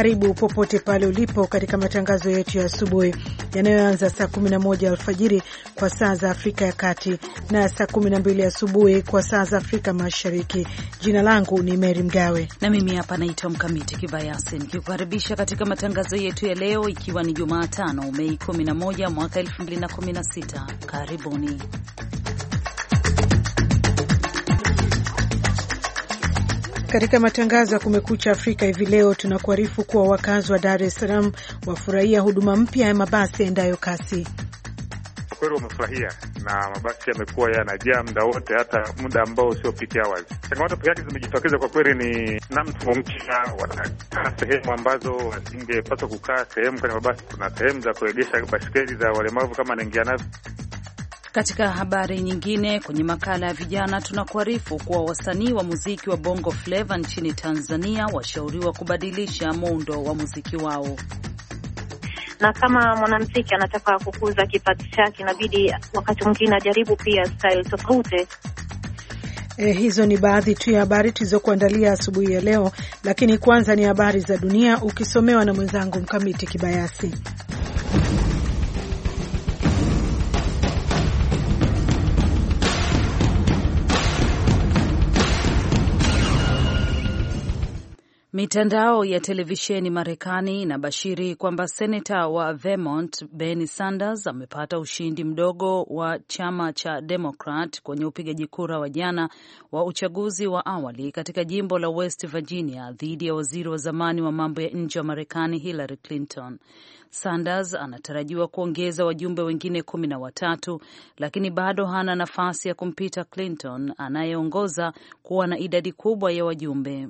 Karibu popote pale ulipo katika matangazo yetu ya asubuhi yanayoanza saa 11 alfajiri kwa saa za Afrika ya Kati na saa 12 asubuhi kwa saa za Afrika Mashariki. Jina langu ni Meri Mgawe na mimi hapa naitwa Mkamiti Kibayasi nikikukaribisha katika matangazo yetu ya leo, ikiwa ni Jumatano Mei 11 mwaka 2016. Karibuni. Katika matangazo ya Kumekucha Afrika hivi leo tunakuarifu kuwa wakazi wa Dar es Salaam wafurahia huduma mpya ya mabasi yaendayo kasi. Kweli wamefurahia na mabasi yamekuwa yanajaa muda wote, hata muda ambao sio peak hours. Changamoto peke yake zimejitokeza kwa kweli ni namtu mpya, wanakaa sehemu ambazo wasingepaswa kukaa, sehemu kwenye mabasi. Kuna sehemu za kuegesha baiskeli za walemavu kama naingia navyo katika habari nyingine, kwenye makala ya vijana, tunakuarifu kuwa wasanii wa muziki wa bongo fleva nchini Tanzania washauriwa kubadilisha muundo wa muziki wao na kama mwanamziki anataka kukuza kipaji chake inabidi wakati mwingine ajaribu pia style tofauti. Eh, hizo ni baadhi tu ya habari tulizokuandalia asubuhi ya leo, lakini kwanza ni habari za dunia ukisomewa na mwenzangu Mkamiti Kibayasi. Mitandao ya televisheni Marekani inabashiri kwamba seneta wa Vermont Bernie Sanders amepata ushindi mdogo wa chama cha Demokrat kwenye upigaji kura wa jana wa uchaguzi wa awali katika jimbo la West Virginia dhidi ya waziri wa zamani wa mambo ya nje wa Marekani Hillary Clinton. Sanders anatarajiwa kuongeza wajumbe wengine kumi na watatu, lakini bado hana nafasi ya kumpita Clinton anayeongoza kuwa na idadi kubwa ya wajumbe.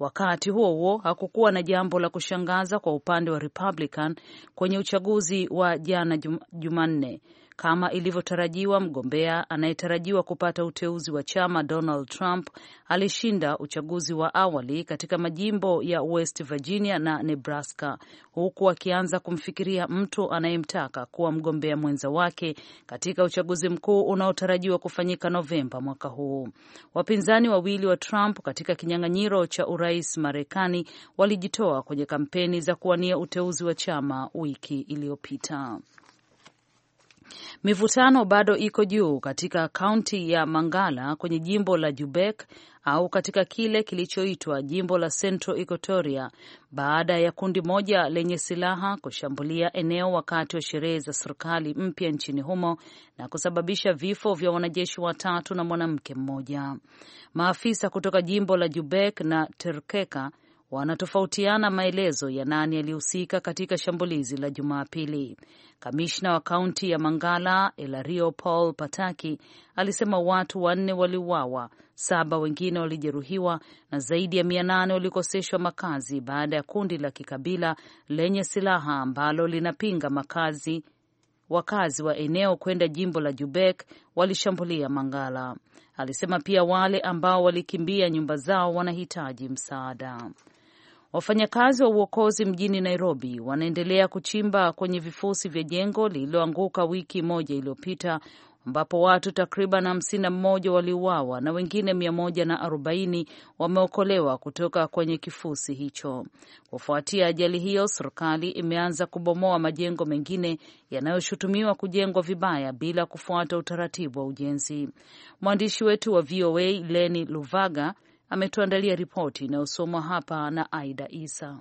Wakati huo huo, hakukuwa na jambo la kushangaza kwa upande wa Republican kwenye uchaguzi wa jana Jumanne kama ilivyotarajiwa, mgombea anayetarajiwa kupata uteuzi wa chama Donald Trump alishinda uchaguzi wa awali katika majimbo ya West Virginia na Nebraska, huku akianza kumfikiria mtu anayemtaka kuwa mgombea mwenza wake katika uchaguzi mkuu unaotarajiwa kufanyika Novemba mwaka huu. Wapinzani wawili wa Trump katika kinyang'anyiro cha urais Marekani walijitoa kwenye kampeni za kuwania uteuzi wa chama wiki iliyopita. Mivutano bado iko juu katika kaunti ya Mangala kwenye jimbo la Jubek au katika kile kilichoitwa jimbo la Central Equatoria baada ya kundi moja lenye silaha kushambulia eneo wakati wa sherehe za serikali mpya nchini humo na kusababisha vifo vya wanajeshi watatu na mwanamke mmoja. Maafisa kutoka jimbo la Jubek na Terkeka wanatofautiana maelezo ya nani yalihusika katika shambulizi la Jumapili. Kamishna wa kaunti ya Mangala Elario Paul Pataki alisema watu wanne waliuawa, saba wengine walijeruhiwa na zaidi ya mia nane walikoseshwa makazi baada ya kundi la kikabila lenye silaha ambalo linapinga makazi wakazi wa eneo kwenda jimbo la Jubek walishambulia Mangala. Alisema pia wale ambao walikimbia nyumba zao wanahitaji msaada. Wafanyakazi wa uokozi mjini Nairobi wanaendelea kuchimba kwenye vifusi vya jengo lililoanguka wiki moja iliyopita ambapo watu takriban hamsini na mmoja waliuawa na wengine mia moja na arobaini wameokolewa kutoka kwenye kifusi hicho. Kufuatia ajali hiyo, serikali imeanza kubomoa majengo mengine yanayoshutumiwa kujengwa vibaya bila kufuata utaratibu wa ujenzi. Mwandishi wetu wa VOA Leni Luvaga ametuandalia ripoti inayosomwa hapa na Aida Isa.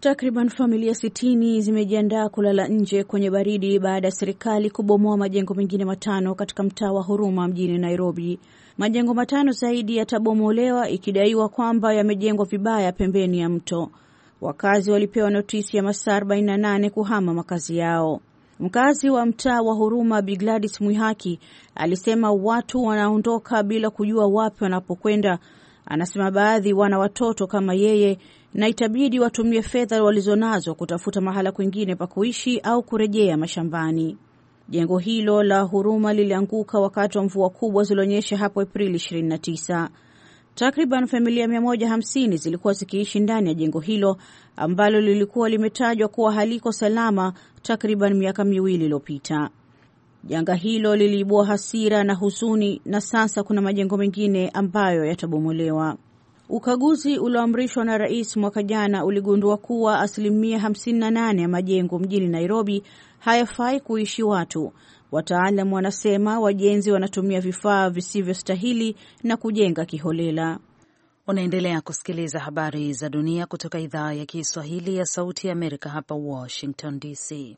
Takriban familia sitini zimejiandaa kulala nje kwenye baridi baada ya serikali kubomoa majengo mengine matano katika mtaa wa Huruma mjini Nairobi. Majengo matano zaidi yatabomolewa ikidaiwa kwamba yamejengwa vibaya pembeni ya mto. Wakazi walipewa notisi ya masaa 48 kuhama makazi yao. Mkazi wa mtaa wa Huruma Bi Gladys Mwihaki alisema watu wanaondoka bila kujua wapi wanapokwenda Anasema baadhi wana watoto kama yeye na itabidi watumie fedha walizonazo kutafuta mahala kwingine pa kuishi au kurejea mashambani. Jengo hilo la huruma lilianguka wakati wa mvua kubwa zilionyesha hapo Aprili 29. Takriban familia 150 zilikuwa zikiishi ndani ya jengo hilo ambalo lilikuwa limetajwa kuwa haliko salama takriban miaka miwili iliyopita. Janga hilo liliibua hasira na huzuni, na sasa kuna majengo mengine ambayo yatabomolewa. Ukaguzi ulioamrishwa na rais mwaka jana uligundua kuwa asilimia 58 ya majengo mjini Nairobi hayafai kuishi watu. Wataalamu wanasema wajenzi wanatumia vifaa visivyostahili na kujenga kiholela. Unaendelea kusikiliza habari za dunia kutoka idhaa ya Kiswahili ya Sauti ya Amerika, hapa Washington DC.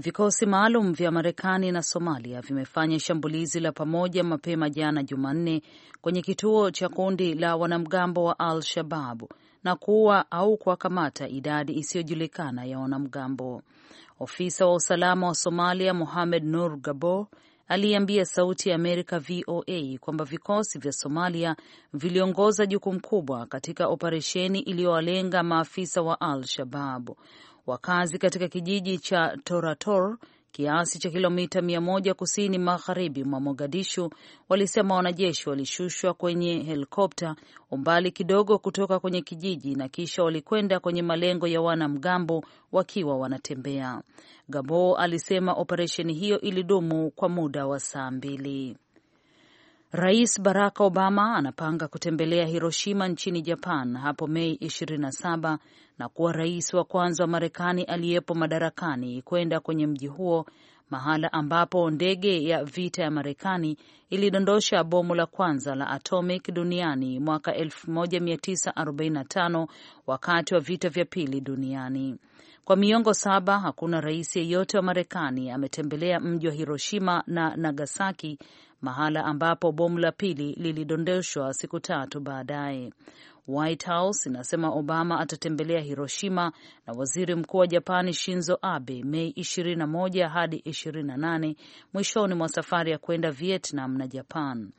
Vikosi maalum vya Marekani na Somalia vimefanya shambulizi la pamoja mapema jana Jumanne kwenye kituo cha kundi la wanamgambo wa Al Shababu na kuua au kuwakamata idadi isiyojulikana ya wanamgambo. Ofisa wa usalama wa Somalia Mohamed Nur Gabo aliambia Sauti ya Amerika VOA kwamba vikosi vya Somalia viliongoza jukumu kubwa katika operesheni iliyowalenga maafisa wa Al Shababu. Wakazi katika kijiji cha Torator kiasi cha kilomita mia moja kusini magharibi mwa Mogadishu walisema wanajeshi walishushwa kwenye helikopta umbali kidogo kutoka kwenye kijiji na kisha walikwenda kwenye malengo ya wanamgambo wakiwa wanatembea. Gabo alisema operesheni hiyo ilidumu kwa muda wa saa mbili. Rais Barack Obama anapanga kutembelea Hiroshima nchini Japan hapo Mei 27 na kuwa rais wa kwanza wa Marekani aliyepo madarakani kwenda kwenye mji huo, mahala ambapo ndege ya vita ya Marekani ilidondosha bomu la kwanza la atomic duniani mwaka 1945 wakati wa vita vya pili duniani. Kwa miongo saba hakuna rais yeyote wa Marekani ametembelea mji wa Hiroshima na Nagasaki mahala ambapo bomu la pili lilidondoshwa siku tatu baadaye. White House inasema Obama atatembelea Hiroshima na waziri mkuu wa Japani Shinzo Abe Mei 21 hadi 28 mwishoni mwa safari ya kwenda Vietnam na Japan.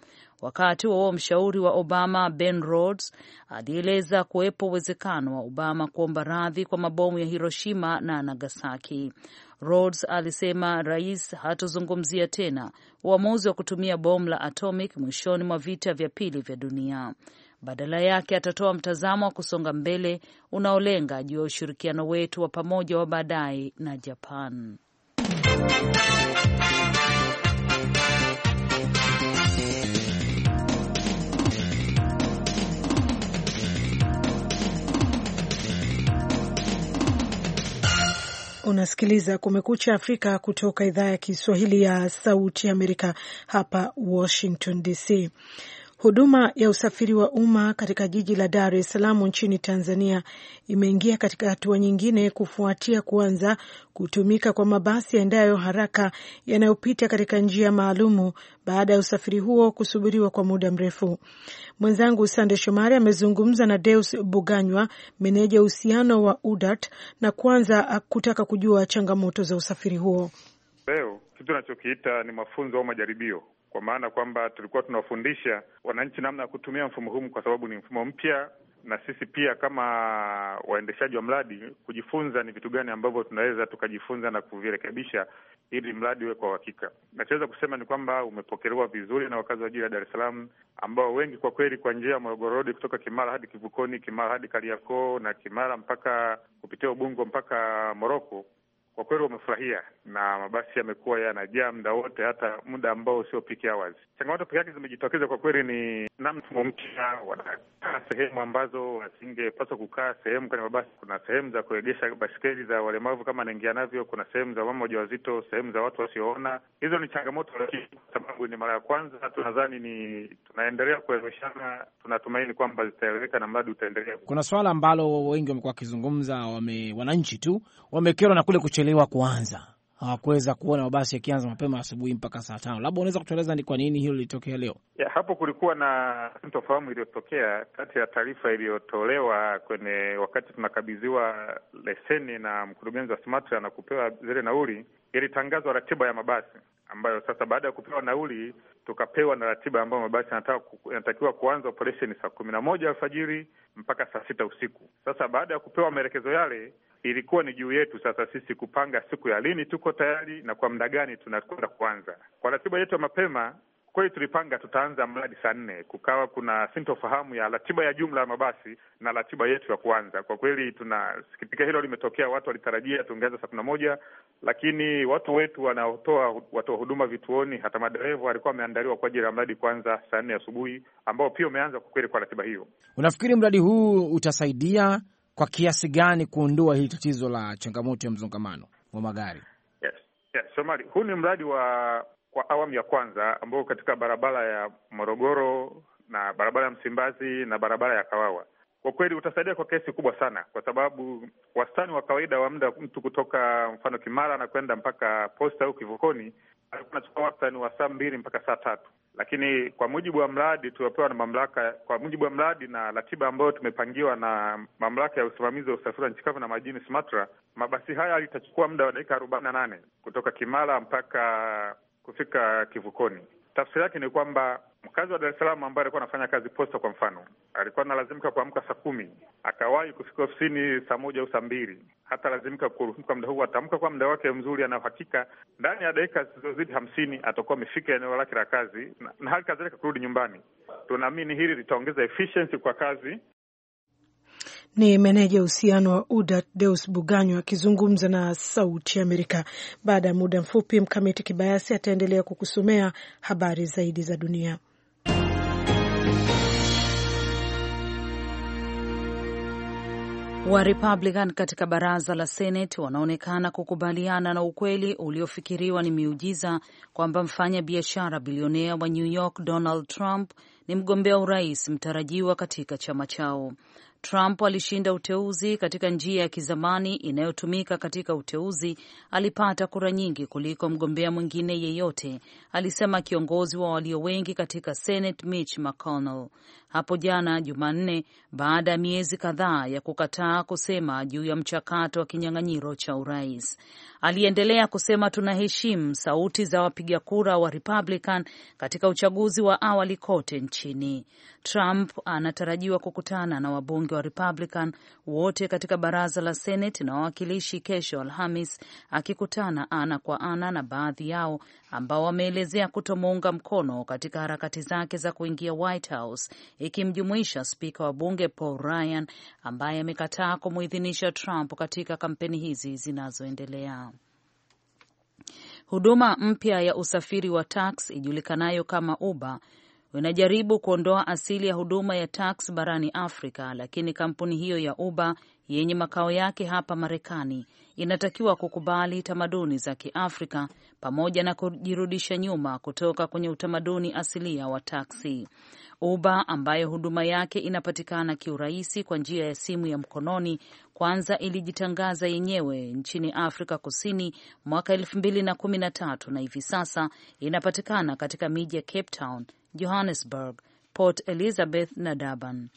Wakati huo mshauri wa Obama Ben Rhodes alieleza kuwepo uwezekano wa Obama kuomba radhi kwa mabomu ya Hiroshima na Nagasaki. Rhodes alisema rais hatozungumzia tena uamuzi wa kutumia bomu la atomic mwishoni mwa vita vya pili vya dunia. Badala yake atatoa mtazamo wa kusonga mbele unaolenga juu ya ushirikiano wetu wa pamoja wa baadaye na Japan. Unasikiliza Kumekucha Afrika kutoka idhaa ya Kiswahili ya Sauti Amerika hapa Washington DC. Huduma ya usafiri wa umma katika jiji la Dar es Salaam nchini Tanzania imeingia katika hatua nyingine kufuatia kuanza kutumika kwa mabasi yaendayo haraka yanayopita katika njia maalumu baada ya usafiri huo kusubiriwa kwa muda mrefu. Mwenzangu Sande Shomari amezungumza na Deus Buganywa, meneja uhusiano wa UDART, na kwanza kutaka kujua changamoto za usafiri huo. Leo kitu tunachokiita ni mafunzo au majaribio, kwa maana kwamba tulikuwa tunawafundisha wananchi namna ya kutumia mfumo huu, kwa sababu ni mfumo mpya, na sisi pia kama waendeshaji wa mradi kujifunza ni vitu gani ambavyo tunaweza tukajifunza na kuvirekebisha ili mradi uwe kwa uhakika. Nachoweza kusema ni kwamba umepokelewa vizuri na wakazi wa jiji la Dar es Salaam, ambao wengi kwa kweli, kwa njia ya Morogoro Road kutoka Kimara hadi Kivukoni, Kimara hadi Kariakoo na Kimara mpaka kupitia Ubungo mpaka Moroko, kwa kweli wamefurahia na mabasi yamekuwa yanajaa muda wote, hata muda ambao sio peak hours. Changamoto peke yake zimejitokeza kwa kweli ni namna mpya, wanakaa sehemu ambazo wasingepaswa kukaa, sehemu kwenye mabasi. Kuna sehemu za kuegesha baskeli za walemavu kama naingia navyo, kuna sehemu za mama wajawazito, sehemu za watu wasioona. Hizo ni changamoto, lakini kwa sababu ni mara ya kwanza, tunadhani ni tunaendelea kueleweshana, tunatumaini kwamba zitaeleweka na mradi utaendelea. Kuna swala ambalo wengi wamekuwa wakizungumza, wame wananchi tu wamekerwa na kule kuchelewa kuanza hawakuweza kuona mabasi yakianza mapema asubuhi mpaka saa tano. Labda unaweza kutueleza ni kwa nini hilo lilitokea leo? Ya, hapo kulikuwa na sintofahamu iliyotokea kati ya taarifa iliyotolewa kwenye wakati tunakabidhiwa leseni na mkurugenzi wa SMATRA na kupewa zile nauli, ilitangazwa ratiba ya mabasi ambayo sasa baada ya kupewa nauli tukapewa na ratiba ambayo mabasi yanatakiwa kuanza operesheni saa kumi na moja alfajiri mpaka saa sita usiku. Sasa baada ya kupewa maelekezo yale ilikuwa ni juu yetu sasa sisi kupanga siku ya lini tuko tayari na kwa muda gani tunakwenda kuanza. Kwa ratiba yetu ya mapema kweli tulipanga tutaanza mradi saa nne. Kukawa kuna sintofahamu ya ratiba ya jumla ya mabasi na ratiba yetu ya kuanza. Kwa kweli tunasikitika hilo limetokea. Watu walitarajia tungeanza saa kumi na moja, lakini watu wetu wanaotoa watoa huduma vituoni, hata madereva walikuwa wameandaliwa kwa ajili ya mradi kuanza saa nne asubuhi, ambao pia umeanza kwa kweli kwa ratiba hiyo. Unafikiri mradi huu utasaidia kwa kiasi gani kuondoa hili tatizo la changamoto ya mzongamano wa magari? Yes. Yes. Somali, huu ni mradi wa kwa awamu ya kwanza ambao katika barabara ya Morogoro na barabara ya Msimbazi na barabara ya Kawawa kwa kweli utasaidia kwa kiasi kubwa sana, kwa sababu wastani wa kawaida wa muda mtu kutoka mfano Kimara anakwenda mpaka posta au Kivukoni alikuwa anachukua wastani wa saa mbili mpaka saa tatu, lakini kwa mujibu wa mradi tuliopewa na mamlaka, kwa mujibu wa mradi na ratiba ambayo tumepangiwa na mamlaka ya usimamizi wa usafiri wa nchi kavu na majini smatra mabasi haya litachukua muda wa dakika arobaini na nane kutoka Kimara mpaka kufika kivukoni. Tafsiri yake ni kwamba mkazi wa Dar es Salaam ambaye alikuwa anafanya kazi posta, kwa mfano, alikuwa analazimika kuamka saa kumi akawahi kufika ofisini saa moja au saa mbili hata lazimika kuruka muda huu, atamka kwa muda wake mzuri, anaohakika ndani ya dakika zilizozidi hamsini atakuwa amefika eneo lake la kazi na, na hali kadhalika kurudi nyumbani. Tunaamini hili litaongeza efficiency kwa kazi. Ni meneja uhusiano wa UDAT Deus Buganyo akizungumza na Sauti Amerika. Baada ya muda mfupi, Mkamiti Kibayasi ataendelea kukusomea habari zaidi za dunia. wa Republican katika baraza la Senate wanaonekana kukubaliana na ukweli uliofikiriwa ni miujiza kwamba mfanya biashara bilionea wa New York Donald Trump ni mgombea urais mtarajiwa katika chama chao. Trump alishinda uteuzi katika njia ya kizamani inayotumika katika uteuzi. Alipata kura nyingi kuliko mgombea mwingine yeyote, alisema kiongozi wa walio wengi katika Senate Mitch McConnell hapo jana Jumanne baada ya miezi kadhaa ya kukataa kusema juu ya mchakato wa kinyang'anyiro cha urais. Aliendelea kusema, tunaheshimu sauti za wapiga kura wa Republican katika uchaguzi wa awali kote nchini. Trump anatarajiwa kukutana na wabunge wa Republican wote katika baraza la Senate na wawakilishi kesho Alhamis, akikutana ana kwa ana na baadhi yao ambao wameelezea kutomuunga mkono katika harakati zake za kuingia White House, ikimjumuisha spika wa bunge Paul Ryan ambaye amekataa kumuidhinisha Trump katika kampeni hizi zinazoendelea. Huduma mpya ya usafiri wa tax ijulikanayo kama Uber inajaribu kuondoa asili ya huduma ya tax barani Afrika, lakini kampuni hiyo ya Uber yenye makao yake hapa Marekani inatakiwa kukubali tamaduni za Kiafrika pamoja na kujirudisha nyuma kutoka kwenye utamaduni asilia wa taksi. Uber ambayo huduma yake inapatikana kiurahisi kwa njia ya simu ya mkononi kwanza ilijitangaza yenyewe nchini Afrika Kusini mwaka elfu mbili na kumi na tatu na hivi sasa inapatikana katika miji ya Cape Town, Johannesburg, Port Elizabeth na Durban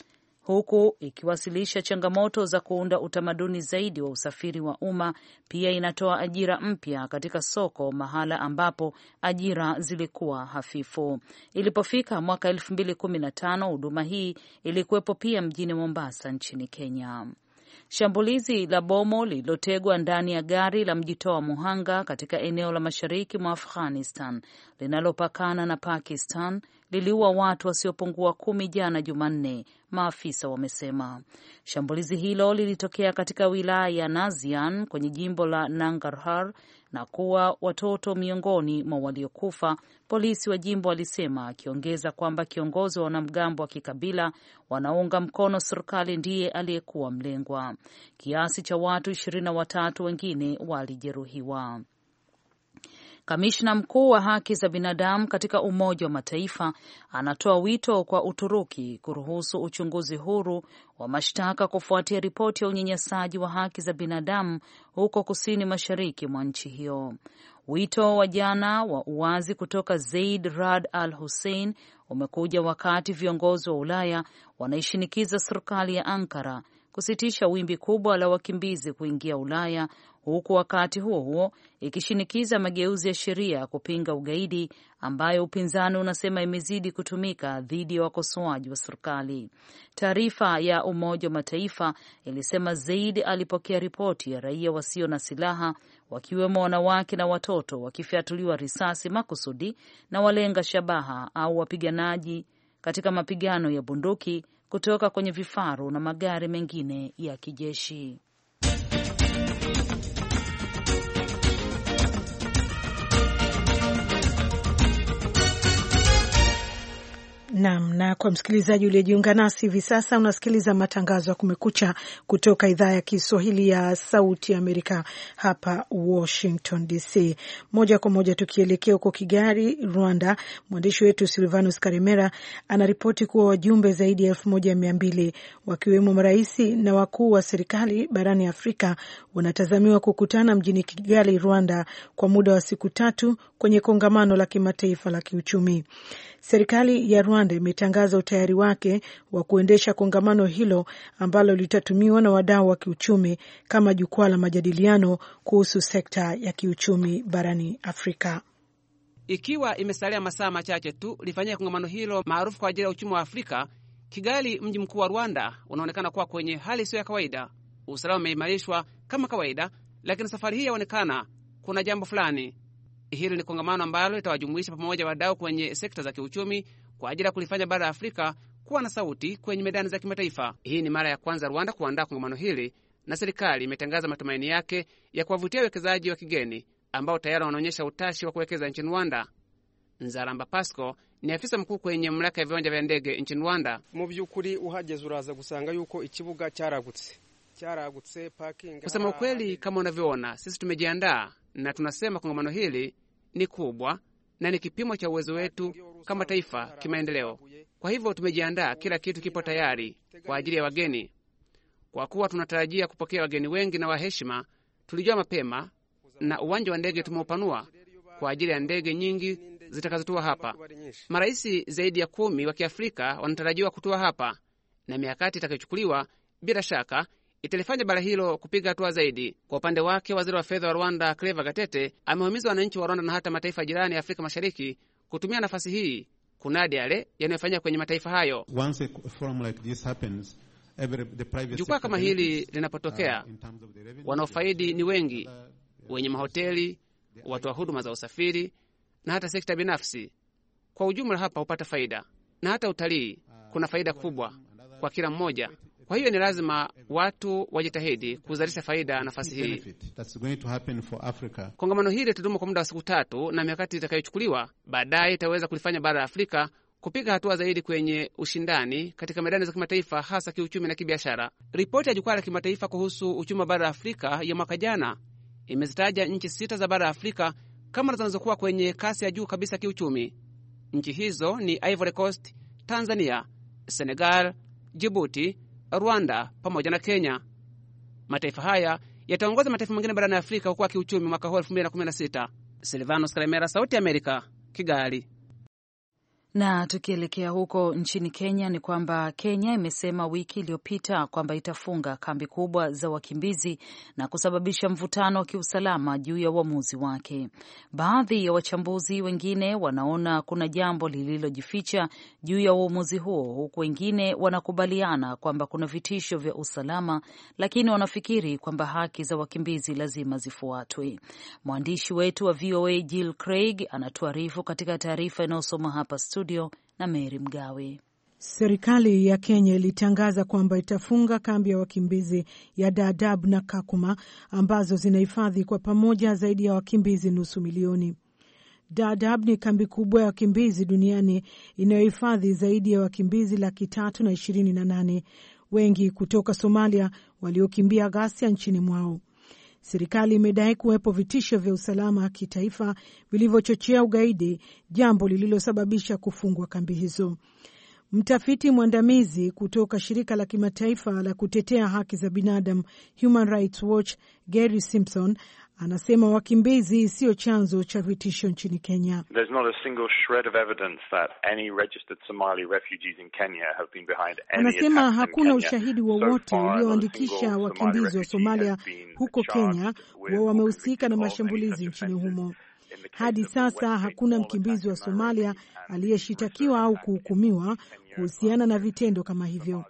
huku ikiwasilisha changamoto za kuunda utamaduni zaidi wa usafiri wa umma. Pia inatoa ajira mpya katika soko, mahala ambapo ajira zilikuwa hafifu. Ilipofika mwaka elfu mbili kumi na tano, huduma hii ilikuwepo pia mjini Mombasa nchini Kenya. Shambulizi la bomo lililotegwa ndani ya gari la mjitoa muhanga katika eneo la mashariki mwa Afghanistan linalopakana na Pakistan liliua watu wasiopungua kumi jana Jumanne, maafisa wamesema. Shambulizi hilo lilitokea katika wilaya ya Nazian kwenye jimbo la Nangarhar na kuwa watoto miongoni mwa waliokufa, polisi wa jimbo walisema, akiongeza kwamba kiongozi wa wanamgambo wa kikabila wanaunga mkono serikali ndiye aliyekuwa mlengwa. Kiasi cha watu ishirini na watatu wengine walijeruhiwa. Kamishna mkuu wa haki za binadamu katika Umoja wa Mataifa anatoa wito kwa Uturuki kuruhusu uchunguzi huru wa mashtaka kufuatia ripoti ya unyanyasaji wa haki za binadamu huko kusini mashariki mwa nchi hiyo. Wito wa jana wa uwazi kutoka Zaid Rad Al Hussein umekuja wakati viongozi wa Ulaya wanaishinikiza serikali ya Ankara kusitisha wimbi kubwa la wakimbizi kuingia Ulaya huku wakati huo huo ikishinikiza mageuzi ya sheria ya kupinga ugaidi ambayo upinzani unasema imezidi kutumika dhidi ya wakosoaji wa serikali. Taarifa ya Umoja wa Mataifa ilisema Zaid alipokea ripoti ya raia wasio na silaha wakiwemo wanawake na watoto wakifyatuliwa risasi makusudi na walenga shabaha au wapiganaji katika mapigano ya bunduki kutoka kwenye vifaru na magari mengine ya kijeshi. Naam, na kwa msikilizaji uliyejiunga nasi hivi sasa, unasikiliza matangazo ya Kumekucha kutoka idhaa ya Kiswahili ya Sauti ya Amerika hapa Washington DC. Moja kwa moja tukielekea huko Kigali, Rwanda, mwandishi wetu Silvanus Karemera anaripoti kuwa wajumbe zaidi ya elfu moja mia mbili wakiwemo maraisi na wakuu wa serikali barani Afrika wanatazamiwa kukutana mjini Kigali, Rwanda, kwa muda wa siku tatu kwenye kongamano la kimataifa la kiuchumi. Serikali ya Rwanda imetangaza utayari wake wa kuendesha kongamano hilo ambalo litatumiwa na wadau wa kiuchumi kama jukwaa la majadiliano kuhusu sekta ya kiuchumi barani Afrika. Ikiwa imesalia masaa machache tu lifanyia kongamano hilo maarufu kwa ajili ya uchumi wa Afrika, Kigali, mji mkuu wa Rwanda, unaonekana kuwa kwenye hali isiyo ya kawaida. Usalama umeimarishwa kama kawaida, lakini safari hii yaonekana kuna jambo fulani Hili ni kongamano ambalo litawajumuisha pamoja wadau kwenye sekta za kiuchumi kwa ajili ya kulifanya bara la Afrika kuwa na sauti kwenye medani za kimataifa. Hii ni mara ya kwanza Rwanda kuandaa kongamano hili, na serikali imetangaza matumaini yake ya kuwavutia wawekezaji wa kigeni ambao tayari wanaonyesha utashi wa kuwekeza nchini Rwanda. Nzaramba Pasco ni afisa mkuu kwenye mamlaka ya viwanja vya ndege nchini Rwanda. mu byukuri uhageze uraza gusanga yuko ikibuga cyaragutse cyaragutse parking. Kusema ukweli, kama unavyoona, sisi tumejiandaa na tunasema kongamano hili ni kubwa na ni kipimo cha uwezo wetu kama taifa kimaendeleo. Kwa hivyo tumejiandaa, kila kitu kipo tayari kwa ajili ya wageni. Kwa kuwa tunatarajia kupokea wageni wengi na waheshima tulijua mapema, na uwanja wa ndege tumeupanua kwa ajili ya ndege nyingi zitakazotua hapa. Marais zaidi ya kumi wa Kiafrika wanatarajiwa kutua hapa, na miakati itakayochukuliwa bila shaka italifanya bara hilo kupiga hatua zaidi. Kwa upande wake, waziri wa fedha wa Rwanda Cleva Gatete amehimiza wananchi wa Rwanda na hata mataifa jirani ya Afrika Mashariki kutumia nafasi hii kunadi yale yanayofanyika kwenye mataifa hayo. jukwaa kama hili uh, linapotokea, uh, wanaofaidi ni wengi, uh, wenye mahoteli, watu wa huduma za usafiri na hata sekta binafsi kwa ujumla. Hapa hupata faida na hata utalii uh, kuna faida kubwa kwa kila mmoja. Kwa hiyo ni lazima watu wajitahidi kuzalisha faida nafasi hii. Kongamano hili litadumu kwa muda wa siku tatu, na mikakati itakayochukuliwa baadaye itaweza kulifanya bara la Afrika kupiga hatua zaidi kwenye ushindani katika medani za kimataifa, hasa kiuchumi na kibiashara. Ripoti ya Jukwaa la Kimataifa kuhusu uchumi wa bara la Afrika ya mwaka jana imezitaja nchi sita za bara la Afrika kama zinazokuwa kwenye kasi ya juu kabisa kiuchumi. Nchi hizo ni Ivory Coast, Tanzania, Senegal, Jibuti, Rwanda pamoja na Kenya. Mataifa haya yataongoza mataifa mengine barani Afrika kwa kiuchumi mwaka huu 2016. Silvanos Karemera, Sauti ya Amerika, Kigali. Na tukielekea huko nchini Kenya ni kwamba Kenya imesema wiki iliyopita kwamba itafunga kambi kubwa za wakimbizi na kusababisha mvutano wa kiusalama juu ya uamuzi wake. Baadhi ya wachambuzi wengine wanaona kuna jambo lililojificha juu ya uamuzi huo, huku wengine wanakubaliana kwamba kuna vitisho vya usalama, lakini wanafikiri kwamba haki za wakimbizi lazima zifuatwe. Mwandishi wetu wa VOA Jill Craig anatuarifu katika taarifa inayosoma hapa studio studio na Meri Mgawe. Serikali ya Kenya ilitangaza kwamba itafunga kambi ya wakimbizi ya Dadaab na Kakuma ambazo zinahifadhi kwa pamoja zaidi ya wakimbizi nusu milioni. Dadaab ni kambi kubwa ya wakimbizi duniani inayohifadhi zaidi ya wakimbizi laki tatu na ishirini na nane, wengi kutoka Somalia waliokimbia ghasia nchini mwao. Serikali imedai kuwepo vitisho vya usalama kitaifa vilivyochochea ugaidi, jambo lililosababisha kufungwa kambi hizo. Mtafiti mwandamizi kutoka shirika la kimataifa la kutetea haki za binadamu Human Rights Watch Gary Simpson anasema wakimbizi sio chanzo cha vitisho nchini Kenya. Anasema hakuna ushahidi wowote ulioandikisha wakimbizi wa Somalia huko Kenya kuwa wamehusika na mashambulizi nchini humo. Hadi sasa hakuna mkimbizi wa Somalia aliyeshitakiwa au kuhukumiwa kuhusiana na vitendo kama hivyo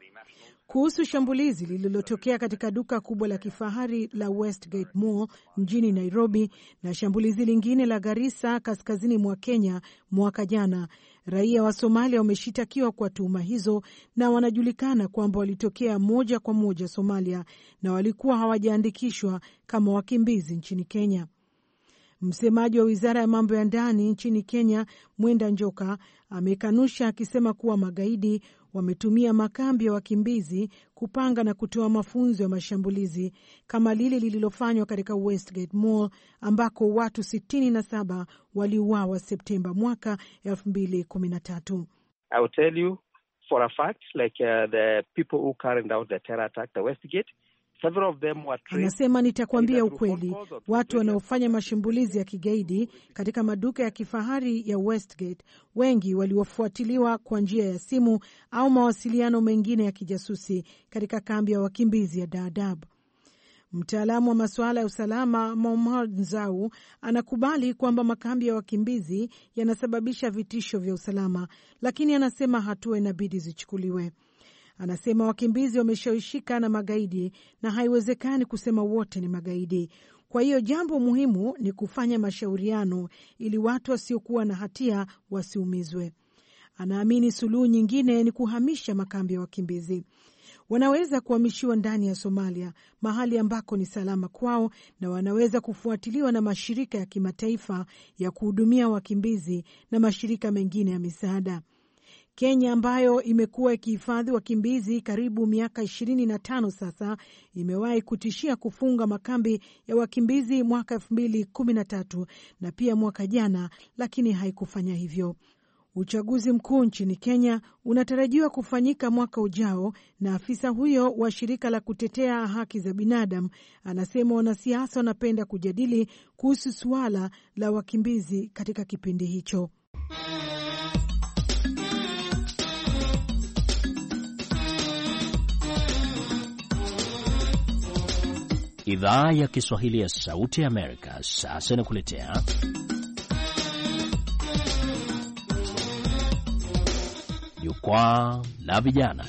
kuhusu shambulizi lililotokea katika duka kubwa la kifahari la Westgate Mall mjini Nairobi na shambulizi lingine la Garissa kaskazini mwa Kenya mwaka jana. Raia wa Somalia wameshitakiwa kwa tuhuma hizo na wanajulikana kwamba walitokea moja kwa moja Somalia na walikuwa hawajaandikishwa kama wakimbizi nchini Kenya. Msemaji wa wizara ya mambo ya ndani nchini Kenya, Mwenda Njoka, amekanusha akisema kuwa magaidi wametumia makambi ya wakimbizi kupanga na kutoa mafunzo ya mashambulizi kama lile lililofanywa katika Westgate Mall ambako watu 67 waliuawa Septemba mwaka 2013. for a fact like uh, the people who carried out the terror attack the Westgate Anasema, nitakuambia ukweli, watu wanaofanya mashambulizi ya kigaidi katika maduka ya kifahari ya Westgate wengi waliofuatiliwa kwa njia ya simu au mawasiliano mengine ya kijasusi katika kambi ya wakimbizi ya Dadaab. Mtaalamu wa masuala ya usalama Momar Nzau anakubali kwamba makambi ya wakimbizi yanasababisha vitisho vya usalama, lakini anasema hatua inabidi zichukuliwe. Anasema wakimbizi wameshawishika na magaidi na haiwezekani kusema wote ni magaidi. Kwa hiyo jambo muhimu ni kufanya mashauriano ili watu wasiokuwa na hatia wasiumizwe. Anaamini suluhu nyingine ni kuhamisha makambi ya wakimbizi. Wanaweza kuhamishiwa ndani ya Somalia, mahali ambako ni salama kwao, na wanaweza kufuatiliwa na mashirika ya kimataifa ya kuhudumia wakimbizi na mashirika mengine ya misaada. Kenya ambayo imekuwa ikihifadhi wakimbizi karibu miaka 25 sasa, imewahi kutishia kufunga makambi ya wakimbizi mwaka 2013 na pia mwaka jana, lakini haikufanya hivyo. Uchaguzi mkuu nchini Kenya unatarajiwa kufanyika mwaka ujao, na afisa huyo wa shirika la kutetea haki za binadamu anasema wanasiasa wanapenda kujadili kuhusu suala la wakimbizi katika kipindi hicho. Idhaa ya Kiswahili ya Sauti ya Amerika sasa inakuletea Jukwaa la Vijana.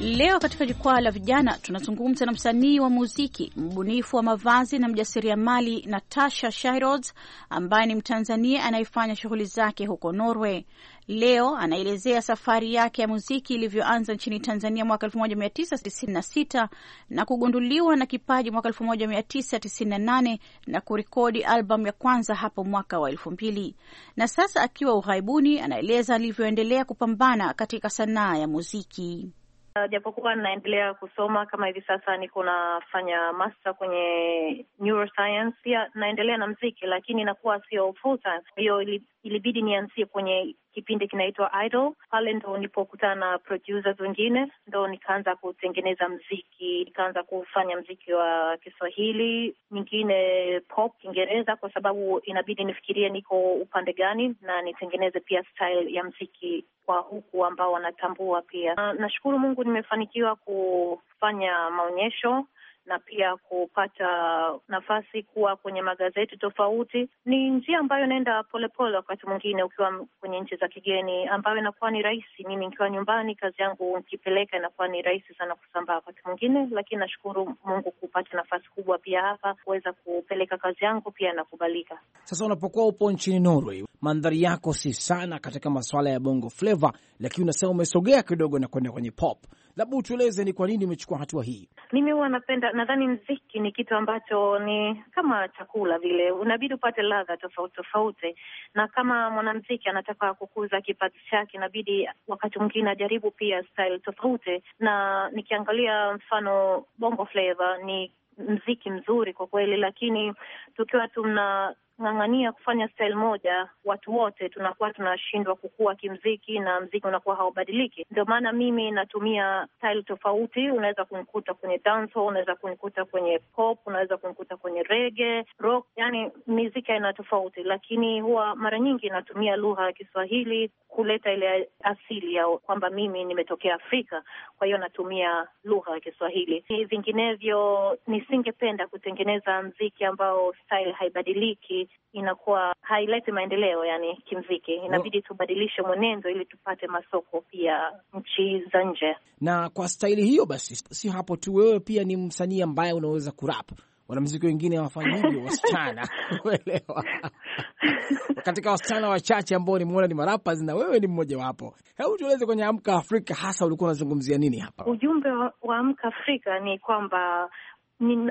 Leo katika Jukwaa la Vijana tunazungumza na msanii wa muziki, mbunifu wa mavazi na mjasiriamali Natasha Shirods ambaye ni Mtanzania anayefanya shughuli zake huko Norway. Leo anaelezea safari yake ya muziki ilivyoanza nchini Tanzania mwaka 1996 na kugunduliwa na kipaji mwaka 1998 na kurekodi albamu ya kwanza hapo mwaka wa 2000. Na sasa akiwa ughaibuni, anaeleza alivyoendelea kupambana katika sanaa ya muziki. Japokuwa naendelea kusoma kama hivi sasa, niko nafanya master kwenye neuroscience, pia naendelea na mziki, lakini inakuwa sio full time. Hiyo ilibidi nianzie kwenye kipindi kinaitwa Idol. Pale ndo nilipokutana na producers wengine, ndo nikaanza kutengeneza mziki, nikaanza kufanya mziki wa Kiswahili, nyingine pop Kiingereza, kwa sababu inabidi nifikirie niko upande gani na nitengeneze pia style ya mziki kwa huku ambao wanatambua pia. Nashukuru Mungu nimefanikiwa kufanya maonyesho na pia kupata nafasi kuwa kwenye magazeti tofauti. Ni njia ambayo inaenda polepole, wakati mwingine ukiwa kwenye nchi za kigeni, ambayo inakuwa ni rahisi. Mimi nikiwa nyumbani, kazi yangu nikipeleka, inakuwa ni rahisi sana kusambaa wakati mwingine, lakini nashukuru Mungu kupata nafasi kubwa pia hapa kuweza kupeleka kazi yangu pia inakubalika. Sasa unapokuwa upo nchini Norway, mandhari yako si sana katika masuala ya bongo flava, lakini unasema umesogea kidogo na kwenda kwenye pop labda utueleze ni kwa nini umechukua hatua hii? Mimi huwa napenda, nadhani mziki ni kitu ambacho ni kama chakula vile, unabidi upate ladha tofauti tofauti, na kama mwanamziki anataka kukuza kipaji chake, inabidi wakati mwingine ajaribu pia style tofauti, na nikiangalia mfano bongo flava ni mziki mzuri kwa kweli, lakini tukiwa tuna kung'ang'ania kufanya style moja watu wote tunakuwa tunashindwa kukua kimziki na mziki unakuwa haubadiliki. Ndio maana mimi natumia style tofauti. Unaweza kunikuta kwenye dancehall, unaweza kunikuta kwenye pop, unaweza kunikuta kwenye rege rock, yani miziki aina tofauti, lakini huwa mara nyingi natumia lugha ya Kiswahili kuleta ile asili ya kwamba mimi nimetokea Afrika, kwa hiyo natumia lugha ya Kiswahili. Vinginevyo nisingependa kutengeneza mziki ambao style haibadiliki, inakuwa haileti maendeleo. Yani kimziki inabidi tubadilishe mwenendo ili tupate masoko pia nchi za nje. Na kwa staili hiyo basi, si hapo tu, wewe pia ni msanii ambaye unaweza kurap wanamziki wengine hawafanyi hivyo, wasichana uelewa katika wasichana wachache ambao nimeona ni marapa na wewe ni mmoja wapo. Hebu tueleze kwenye Amka Afrika hasa ulikuwa unazungumzia nini hapa? Ujumbe wa Amka Afrika ni kwamba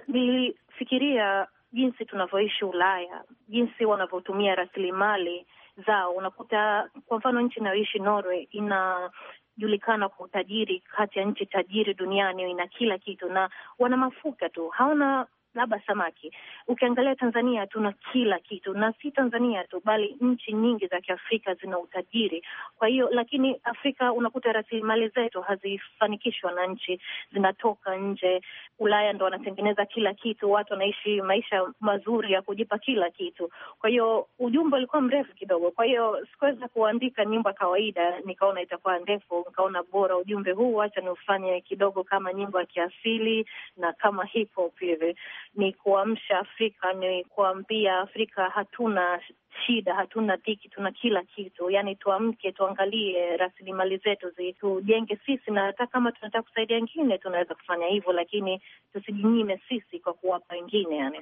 nilifikiria jinsi tunavyoishi Ulaya, jinsi wanavyotumia rasilimali zao. Unakuta kwa mfano nchi inayoishi Norway ina julikana kwa utajiri kati ya nchi tajiri duniani, ina kila kitu na wana mafuta tu, hawana labda samaki. Ukiangalia Tanzania tuna kila kitu, na si Tanzania tu, bali nchi nyingi za Kiafrika zina utajiri. Kwa hiyo, lakini Afrika unakuta rasilimali zetu hazifanikishwa na nchi, zinatoka nje. Ulaya ndo wanatengeneza kila kitu, watu wanaishi maisha mazuri ya kujipa kila kitu. Kwa hiyo, ujumbe ulikuwa mrefu kidogo, kwa hiyo sikuweza kuandika nyimbo ya kawaida, nikaona itakuwa ndefu, nikaona bora ujumbe huu acha niufanye kidogo kama nyimbo ya kiasili na kama hip hop hivi ni kuamsha Afrika, ni kuambia Afrika hatuna shida, hatuna dhiki, tuna kila kitu. Yani tuamke, tuangalie rasilimali zetu, tujenge sisi, na hata kama tunataka kusaidia wengine tunaweza kufanya hivyo, lakini tusijinyime sisi kwa kuwapa wengine yani.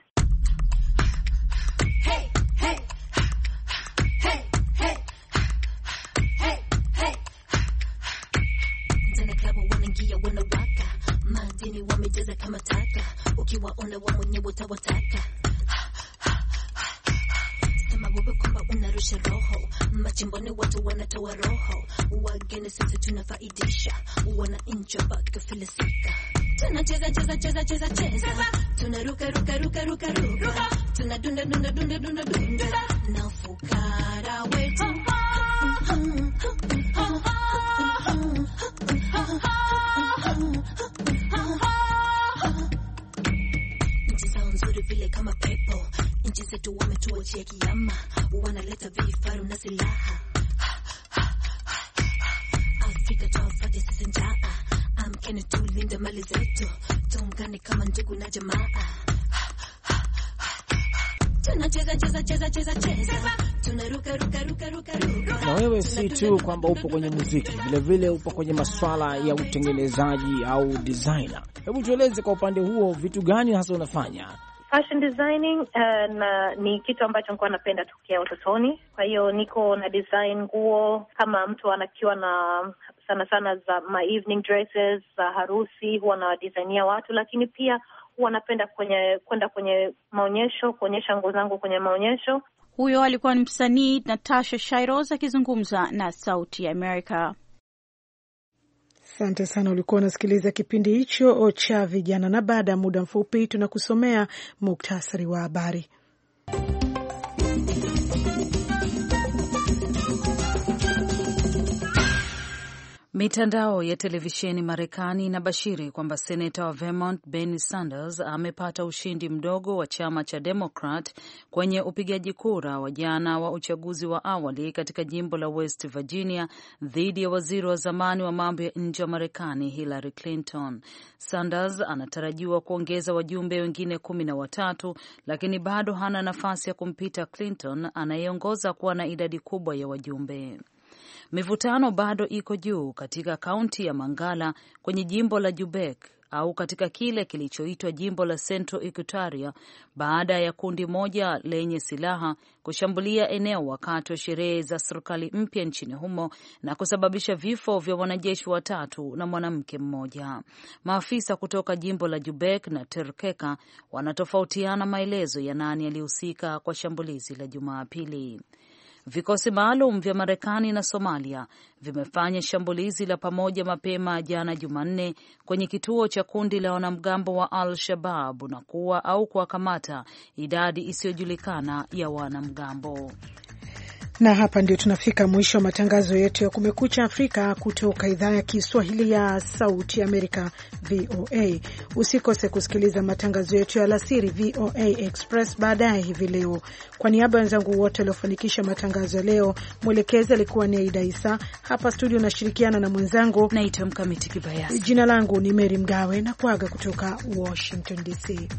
hey, hey madini wamejaza kama taka, ukiwaona wa mwenyewe utawataka. Sema wewe kwamba unarusha roho, machimboni watu wanatoa roho, wageni sisi tunafaidisha, wana wananchi wakifilisika tunacheza cheza cheza cheza cheza, tunaruka ruka ruka ruka ruka, tunadunda dunda dunda dunda dunda na fukara wetu zetu wametuachia kiama, wanaleta vifaru na silaha. Afrika tofauti sisi njaa, amkeni tulinde mali zetu, tuungane kama ndugu na jamaa. Na wewe si tu kwamba upo kwenye muziki, vilevile upo kwenye maswala ya utengenezaji au designer. Hebu tueleze kwa upande huo, vitu gani hasa unafanya fashion designing uh, na ni kitu ambacho nilikuwa napenda tokea utotoni. Kwa hiyo niko na design nguo kama mtu anakiwa na sana sana za my evening dresses za harusi, huwa nawadisainia watu, lakini pia huwa napenda kwenye kwenda kwenye maonyesho kuonyesha nguo zangu kwenye maonyesho. Huyo alikuwa ni msanii Natasha Shairos akizungumza na Sauti ya America. Asante sana, ulikuwa unasikiliza kipindi hicho cha vijana, na baada ya muda mfupi tunakusomea muktasari wa habari. Mitandao ya televisheni Marekani inabashiri kwamba seneta wa Vermont Bernie Sanders amepata ushindi mdogo wa chama cha Demokrat kwenye upigaji kura wa jana wa uchaguzi wa awali katika jimbo la West Virginia dhidi ya waziri wa zamani wa mambo ya nje wa Marekani Hillary Clinton. Sanders anatarajiwa kuongeza wajumbe wengine kumi na watatu, lakini bado hana nafasi ya kumpita Clinton anayeongoza kuwa na idadi kubwa ya wajumbe. Mivutano bado iko juu katika kaunti ya Mangala kwenye jimbo la Jubek au katika kile kilichoitwa jimbo la Central Equatoria baada ya kundi moja lenye silaha kushambulia eneo wakati wa sherehe za serikali mpya nchini humo na kusababisha vifo vya wanajeshi watatu na mwanamke mmoja. Maafisa kutoka jimbo la Jubek na Terkeka wanatofautiana maelezo ya nani yaliyohusika kwa shambulizi la Jumapili. Vikosi maalum vya Marekani na Somalia vimefanya shambulizi la pamoja mapema jana Jumanne kwenye kituo cha kundi la wanamgambo wa al Shababu na kuwa au kuwakamata idadi isiyojulikana ya wanamgambo. Na hapa ndio tunafika mwisho wa matangazo yetu ya Kumekucha Afrika kutoka idhaa ya Kiswahili ya Sauti Amerika, VOA. Usikose kusikiliza matangazo yetu ya alasiri, VOA Express, baadaye hivi leo. Kwa niaba ya wenzangu wote waliofanikisha matangazo ya leo, mwelekezi alikuwa ni Aida Isa. Hapa studio nashirikiana na mwenzangu, naitwa Mkamiti Kibayasi. Jina langu ni Meri Mgawe na kuaga kutoka Washington DC.